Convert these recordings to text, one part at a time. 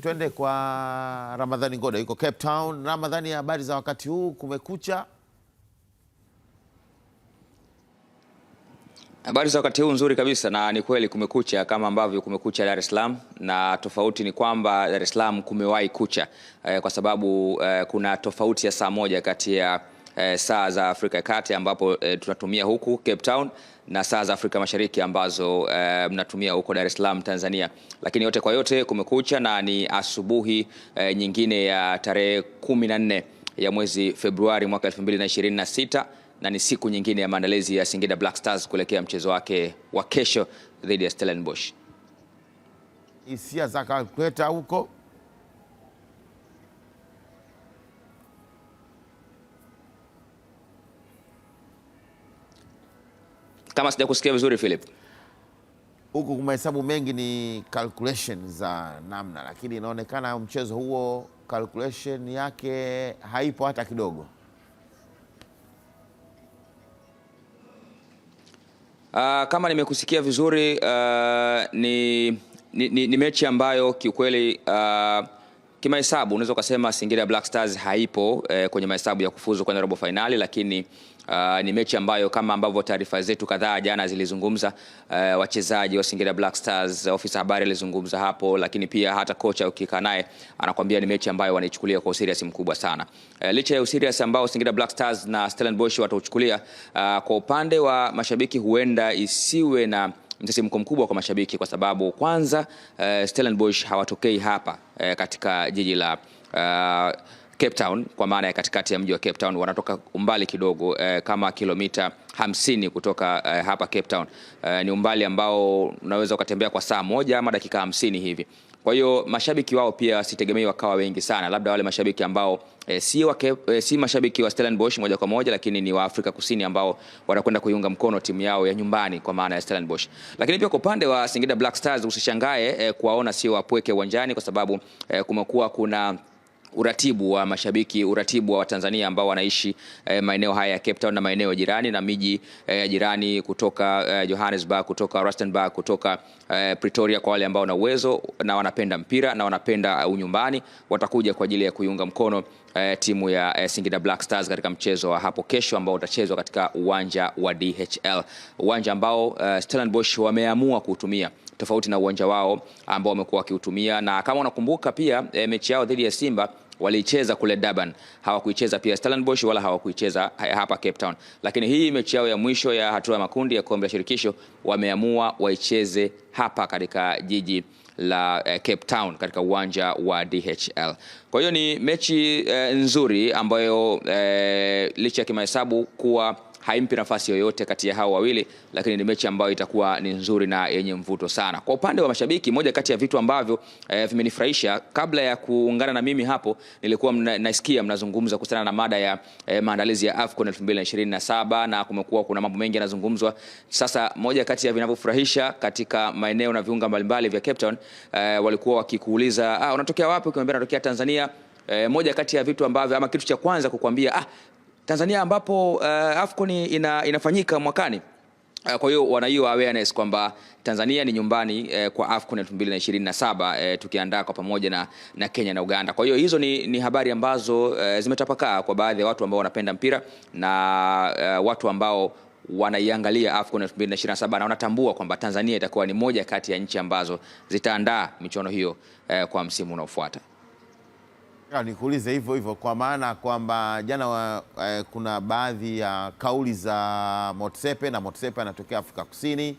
Twende kwa Ramadhani Ngoda yuko Cape Town. Ramadhani, habari za wakati huu? Kumekucha. Habari za wakati huu nzuri kabisa, na ni kweli kumekucha kama ambavyo kumekucha Dar es Salaam, na tofauti ni kwamba Dar es Salaam kumewahi kucha eh, kwa sababu eh, kuna tofauti ya saa moja kati ya eh, saa za Afrika ya Kati ambapo eh, tunatumia huku Cape Town na saa za Afrika Mashariki ambazo eh, mnatumia huko Dar es Salaam Tanzania. Lakini yote kwa yote kumekucha na ni asubuhi eh, nyingine ya tarehe 14 ya mwezi Februari mwaka 2026 na ni siku nyingine ya maandalizi ya Singida Black Stars kuelekea mchezo wake wa kesho dhidi ya Stellenbosch. Hisia za kakweta huko kama sijakusikia vizuri Philip. Huku kumahesabu mengi ni calculation za namna, lakini inaonekana mchezo huo calculation yake haipo hata kidogo. Uh, kama nimekusikia vizuri uh, ni, ni, ni, ni mechi ambayo kiukweli uh, kimahesabu unaweza ukasema Singida Black Stars haipo eh, kwenye mahesabu ya kufuzu kwenye robo fainali, lakini Uh, ni mechi ambayo kama ambavyo taarifa zetu kadhaa jana zilizungumza, uh, wachezaji wa Singida Black Stars, ofisa habari alizungumza hapo, lakini pia hata kocha ukikaa naye anakuambia ni mechi ambayo wanaichukulia kwa userious mkubwa sana. Uh, licha ya userious ambao Singida Black Stars na Stellenbosch watauchukulia, uh, kwa upande wa mashabiki huenda isiwe na msisimko mkubwa kwa mashabiki kwa sababu kwanza, uh, Stellenbosch hawatokei hapa uh, katika jiji la uh, Cape Town kwa maana ya katikati ya mji wa Cape Town, wanatoka umbali kidogo eh, kama kilomita hamsini kutoka eh, hapa Cape Town. Eh, ni umbali ambao unaweza ukatembea kwa saa moja ama dakika hamsini hivi. Kwa hiyo mashabiki wao pia sitegemei wakawa wengi sana, labda wale mashabiki ambao e, si, wa e, si mashabiki wa Stellenbosch moja kwa moja, lakini ni wa Afrika Kusini ambao wanakwenda kuiunga mkono timu yao ya nyumbani kwa maana ya Stellenbosch. Lakini pia kwa upande wa Singida Black Stars usishangae e, kuwaona sio wapweke uwanjani kwa sababu e, kumekuwa kuna uratibu wa mashabiki, uratibu wa Watanzania ambao wanaishi eh, maeneo haya ya Cape Town na maeneo jirani na miji ya eh, jirani kutoka eh, Johannesburg, kutoka Rustenburg, kutoka eh, Pretoria. Kwa wale ambao wana uwezo na wanapenda mpira na wanapenda eh, unyumbani, watakuja kwa ajili ya kuiunga mkono eh, timu ya eh, Singida Black Stars katika mchezo wa hapo kesho ambao utachezwa katika uwanja wa DHL, uwanja ambao eh, Stellenbosch wameamua kuutumia tofauti na uwanja wao ambao wamekuwa wakiutumia, na kama unakumbuka pia e, mechi yao dhidi ya Simba waliicheza kule Durban, hawakuicheza pia Stellenbosch wala hawakuicheza eh, hapa Cape Town. Lakini hii mechi yao ya mwisho ya hatua ya makundi ya kombe la shirikisho wameamua waicheze hapa katika jiji la eh, Cape Town katika uwanja wa DHL. Kwa hiyo ni mechi eh, nzuri ambayo eh, licha ya kimahesabu kuwa haimpi nafasi yoyote kati ya hao wawili, lakini ni mechi ambayo itakuwa ni nzuri na yenye mvuto sana. Kwa upande wa mashabiki, moja kati ya vitu ambavyo eh, vimenifurahisha kabla ya kuungana na mimi hapo, nilikuwa mna, naisikia mnazungumza kuhusiana na mada ya eh, maandalizi ya AFCON 2027 na kumekuwa kuna mambo mengi yanazungumzwa. Sasa moja kati ya vinavyofurahisha katika maeneo na viunga mbalimbali vya Cape Town eh, walikuwa wakikuuliza ah, unatokea wapi? Ukimwambia natokea Tanzania. E, moja kati ya vitu ambavyo ama kitu cha kwanza kukwambia ah, Tanzania ambapo uh, AFCON ina, inafanyika mwakani. Eh, kwa hiyo wanaiwa awareness kwamba Tanzania ni nyumbani eh, kwa AFCON 2027 eh, tukiandaa kwa pamoja na, na Kenya na Uganda. Kwa hiyo hizo ni, ni habari ambazo eh, zimetapakaa kwa baadhi ya watu ambao wanapenda mpira na eh, watu ambao wanaiangalia AFCON 2027 na wanatambua kwamba Tanzania itakuwa ni moja kati ya nchi ambazo zitaandaa michuano hiyo eh, kwa msimu unaofuata. Ah, nikuulize hivyo hivyo kwa maana kwamba jana wa, eh, kuna baadhi ya kauli za Motsepe na Motsepe anatokea Afrika Kusini.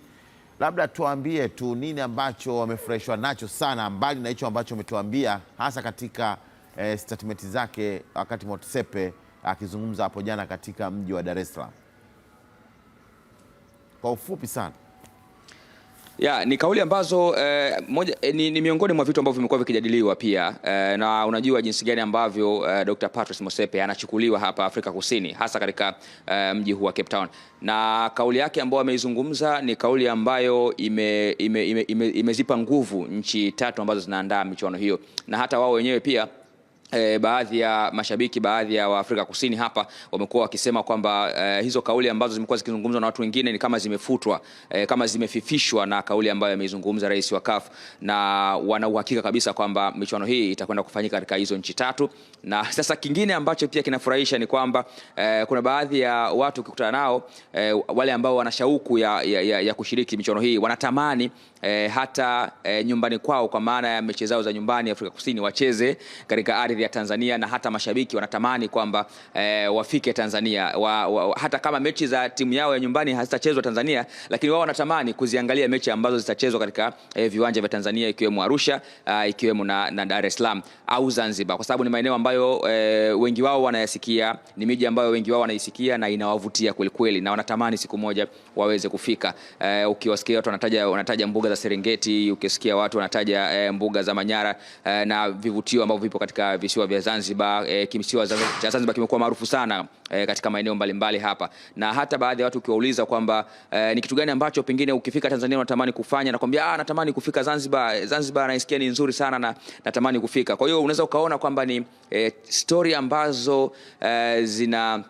Labda tuambie tu nini ambacho wamefurahishwa nacho sana, mbali na hicho ambacho umetuambia, hasa katika eh, statement zake wakati Motsepe akizungumza hapo jana katika mji wa Dar es Salaam. Kwa ufupi sana. Ya, ni kauli ambazo eh, moja, eh, ni, ni miongoni mwa vitu ambavyo vimekuwa vikijadiliwa pia eh, na unajua jinsi gani ambavyo eh, Dr. Patrice Motsepe anachukuliwa hapa Afrika Kusini hasa katika eh, mji huu wa Cape Town, na kauli yake ambayo ameizungumza ni kauli ambayo imezipa ime, ime, ime, ime nguvu nchi tatu ambazo zinaandaa michuano hiyo na hata wao wenyewe pia E, baadhi ya mashabiki baadhi ya Waafrika Kusini hapa wamekuwa wakisema kwamba e, hizo kauli ambazo zimekuwa zikizungumzwa na watu wengine ni kama zimefutwa, e, kama zimefifishwa na kauli ambayo ameizungumza rais wa CAF, na wana uhakika kabisa kwamba michuano hii itakwenda kufanyika katika hizo nchi tatu. Na sasa kingine ambacho pia kinafurahisha ni kwamba e, kuna baadhi ya watu ukikutana nao e, wale ambao wana shauku ya, ya, ya, ya kushiriki michuano hii wanatamani E, hata e, nyumbani kwao kwa maana ya mechi zao za nyumbani Afrika Kusini wacheze katika ardhi ya Tanzania, na hata mashabiki wanatamani kwamba e, wafike Tanzania wa, wa, hata kama mechi za timu yao ya nyumbani hazitachezwa Tanzania, lakini wao wanatamani kuziangalia mechi ambazo zitachezwa katika e, viwanja vya Tanzania ikiwemo Arusha a, ikiwemo na, na Dar es Salaam au Zanzibar, kwa sababu ni maeneo ambayo e, wengi wao wanayasikia, ni miji ambayo wengi wao wanaisikia na inawavutia kwelikweli, na wanatamani siku moja waweze kufika. E, ukiwasikia watu wanataja wanataja mbuga mbuga za Serengeti, ukisikia watu wanataja e, mbuga za Manyara e, na vivutio ambavyo vipo katika visiwa vya Zanzibar. E, eh, kisiwa cha Zanzibar kimekuwa maarufu sana e, katika maeneo mbalimbali hapa, na hata baadhi ya watu ukiwauliza kwamba e, ni kitu gani ambacho pengine ukifika Tanzania unatamani kufanya, nakwambia ah, natamani kufika Zanzibar. Zanzibar naisikia ni nzuri sana na natamani kufika. Kwa hiyo unaweza ukaona kwamba ni e, story ambazo e, zina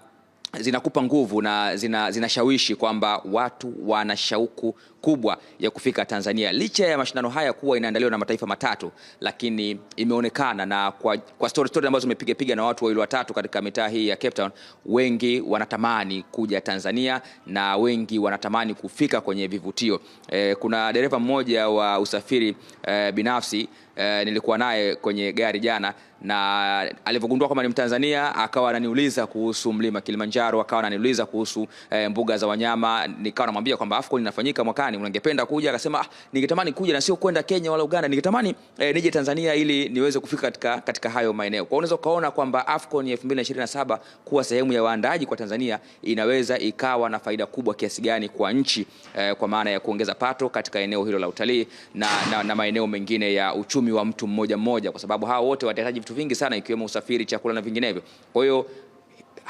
zinakupa nguvu na zinashawishi zina kwamba watu wana shauku kubwa ya kufika Tanzania. Licha ya mashindano haya kuwa inaandaliwa na mataifa matatu, lakini imeonekana na kwa, kwa story story ambazo zimepiga piga na watu wawili watatu katika mitaa hii ya Cape Town, wengi wanatamani kuja Tanzania na wengi wanatamani kufika kwenye vivutio e, kuna dereva mmoja wa usafiri e, binafsi e, nilikuwa naye kwenye gari jana na alivyogundua kwamba ni Mtanzania akawa ananiuliza kuhusu mlima Kilimanjaro, akawa ananiuliza kuhusu e, mbuga za wanyama, nikawa namwambia kwamba AFCON inafanyika mwakani gani ungependa kuja? Akasema ah, ningetamani kuja na sio kwenda Kenya wala Uganda, ningetamani eh, nije Tanzania ili niweze kufika katika, katika hayo maeneo. Kwa unaweza ukaona kwamba AFCON ya 2027 kuwa sehemu ya waandaji kwa Tanzania inaweza ikawa na faida kubwa kiasi gani kwa nchi eh, kwa maana ya kuongeza pato katika eneo hilo la utalii na, na, na maeneo mengine ya uchumi wa mtu mmoja mmoja, kwa sababu hao wote watahitaji vitu vingi sana ikiwemo usafiri, chakula na vinginevyo. Kwa hiyo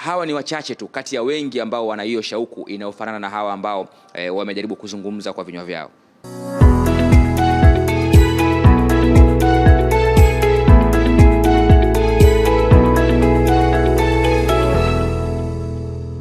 hawa ni wachache tu kati ya wengi ambao wana hiyo shauku inayofanana na hawa ambao e, wamejaribu kuzungumza kwa vinywa vyao.